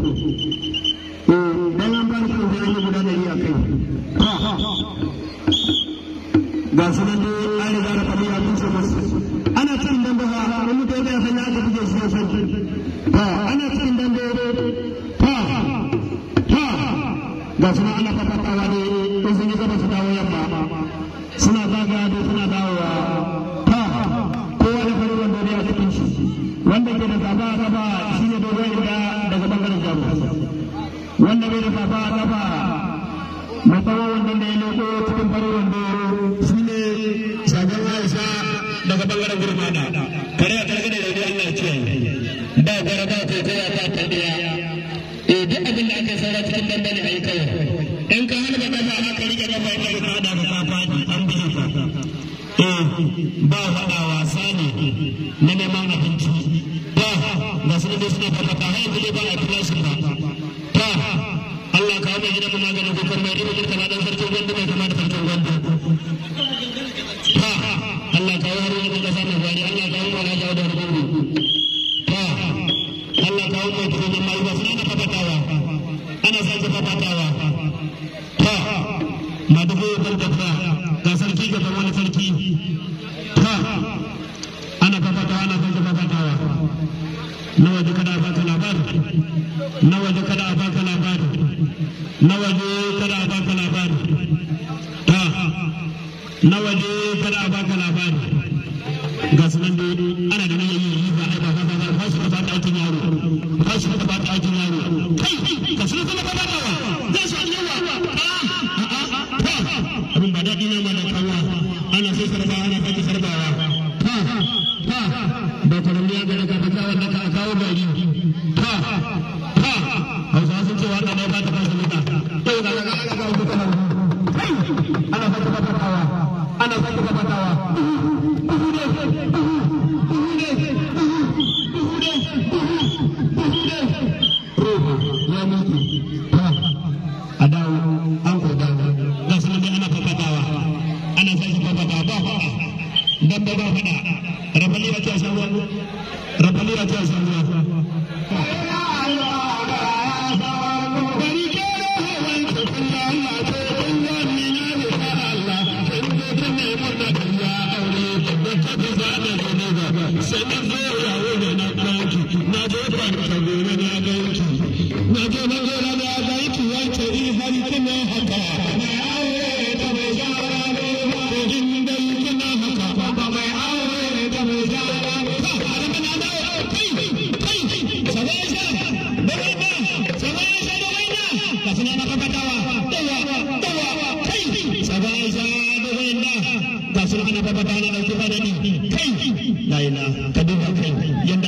dan an bar ku da yi a kai ga ha yi gaba su dawo yamma suna wanda ke wanda bai da fafa kafa da ya leko cikin wando su ne aisha daga bangaren gurmana kare da allah ce ba ba ba ta daya eh duk abin da aka saura cikin dandali a yi in ka halba aka rike an bi ka eh, ba wasa ne na neman abinci ba ga su ne suna ba a na waje kada baka labari ga sanan da ana da nayi yi ba ba ba ba ba su ba ta aikin yaro ba su ba ta aikin yaro kai ka sun kuma ba ba za su yi wa abin ba daɗi ne ma da kawa ana so sarba ana fata sarbawa ha ha da kolumbiya ga ka kawo da ka kawo bari ha Bapak-bapak, faɗa rabali ba tabbata ne mai kusa da ni kai laila ka duba kai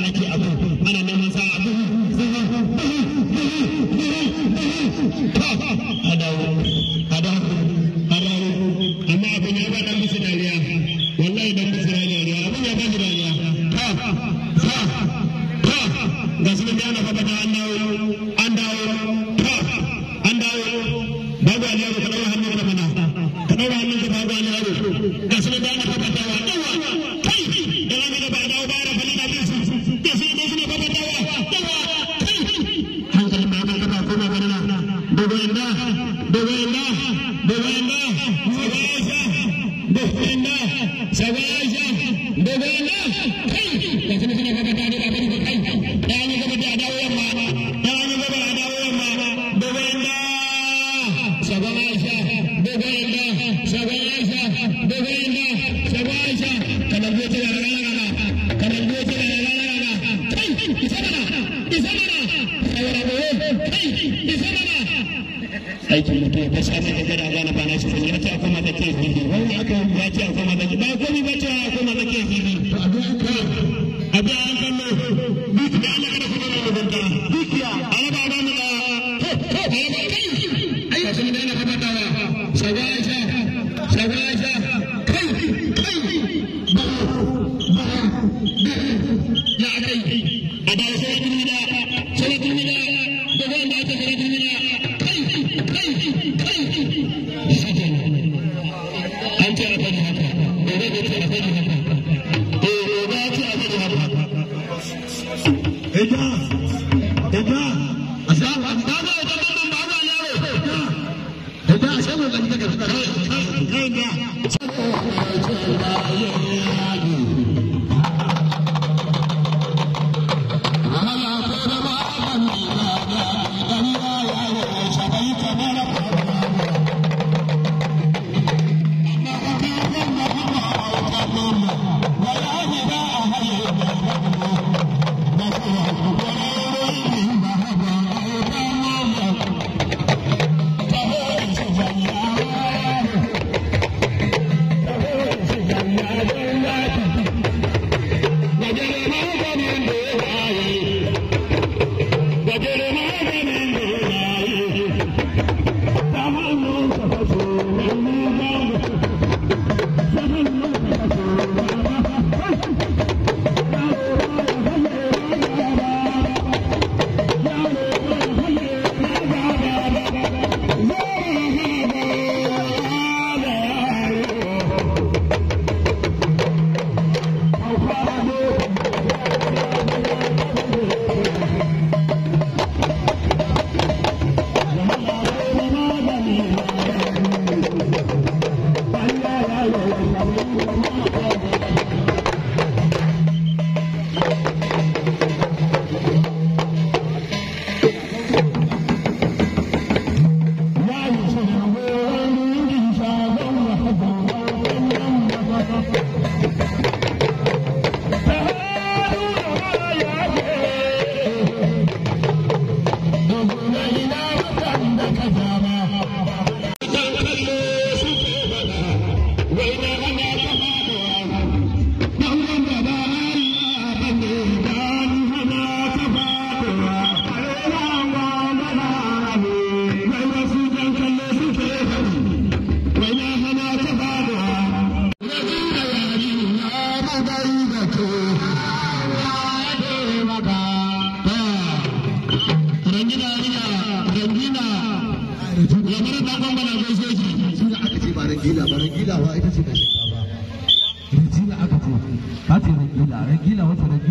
ake abu ana neman sa abu kai kai da kuma kuma kuma da abin da kai da ya ni kuma da dawo aikin mutum ba sa mai gada ba na shi ya ce fili ya ce ba komi ba ce akwai fili to ka kuma ala ba ba mu da ayi da ina ba kai kai ba ba ya sai da sai da Hey, yeah. Não, não, não.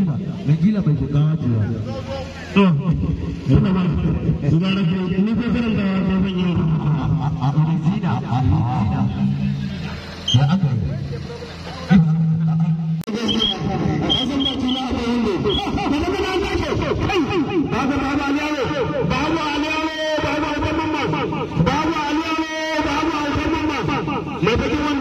gila yang gila baju kaju oh sudah sudah ada ini pesan tahu apa ini aku di sini aku di sini ya aku Babu Ali Ali Babu Ali Muhammad Babu Ali Ali Babu Ali Muhammad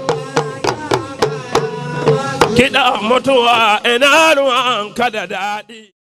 da mutuwa ina ruwan ka da daɗi